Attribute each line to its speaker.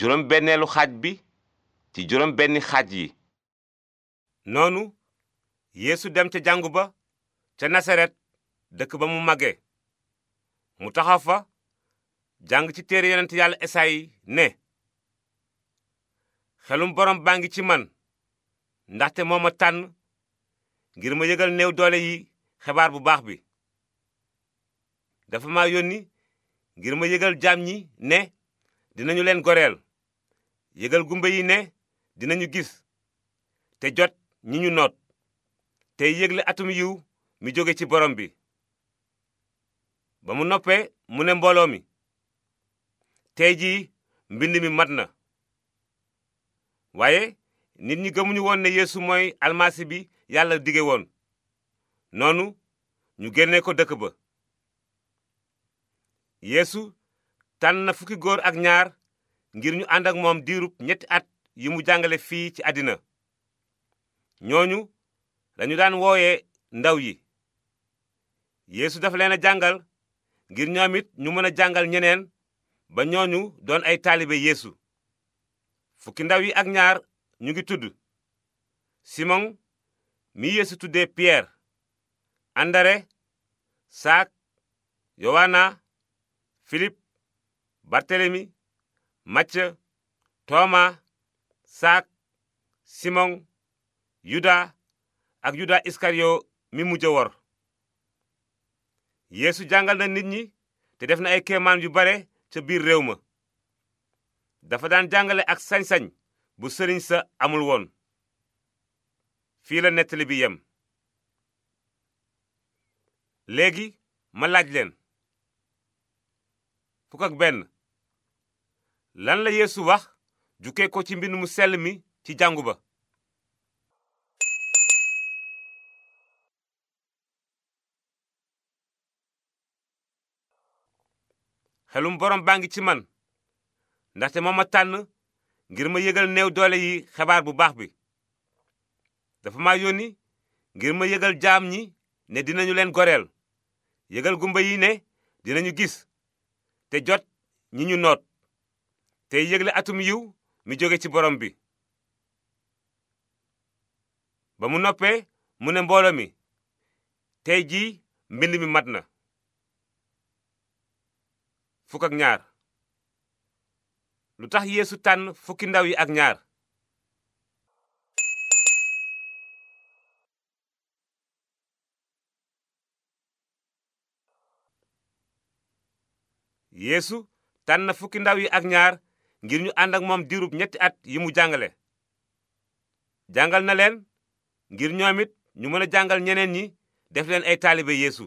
Speaker 1: juróom xaaj bi ci juróom xaaj yi noonu yéesu dem ca jàngu ba ca nasaret dëkk ba mu màgge mu taxaw fa jàng ci téere yonent yàlla esayi ne xelum borom baa ngi ci man ndaxte moo ma tànn ngir ma yëgal néew doole yi xebaar bu baax bi dafa ma yónni ngir ma yëgal jaam yi ne dinañu leen goreel yëgal gumba yi ne dinañu gis te jot ñi ñu noot tey yëgle atum yiw mi jóge ci borom bi ba mu noppee mu ne mbooloo mi tey jii mbind mi mat na waaye nit ñi gëmuñu woon ne yeesu mooy almasi bi yàlla dige woon noonu ñu génne ko dëkk ba yéesu tànn na fukki góor ak ñaar ngir ñu àndak moom diirub ñetti at yi mu jàngale fii ci àddina ñooñu lañu daan wooye ndaw yi yéesu dafa leen a jàngal ngir ñoom ñu mën a jàngal ñeneen ba ñooñu doon ay taalibe yéesu fukki ndaw yi ak ñaar ñu ngi tudd simon mi yeesu tuddee pierre andare saak yowaana philippe barthélemy Macca Tooma Saak Simon Yuda ak Yuda Iskariyo mi mujj wor yéesu jàngal na nit ñi te def na ay kéemaan yu bare ca biir réew ma dafa daan jàngale ak sañsañ bu sëriñ sa amul woon fii la nettali bi yem léegi ma laaj leen fukk ak benn lan la yeesu wax jukkee ko ci mbind mu sell mi ci jàngu ba xelum boroom baa ngi ci man ndaxte moo ma tànn ngir ma yëgal néew doole yi xabaar bu baax bi dafa ma yónni ngir ma yëgal jaam ñi ne dinañu leen goreel yëgal gumba yi ne dinañu gis te jot ñi ñu noot tey yëgle atum yiw mi jóge ci borom bi ba mu noppee mu ne mbooloo mi tey jii mbind mi mat na ñaar lu tax yeesu tànn fukki fukki ndaw yi ak ñaar ngir ñu ànd ak moom diirub ñetti at yi mu jàngale jàngal na leen ngir ñoom it ñu mën a jàngal ñeneen ñi def leen ay taalibe yéesu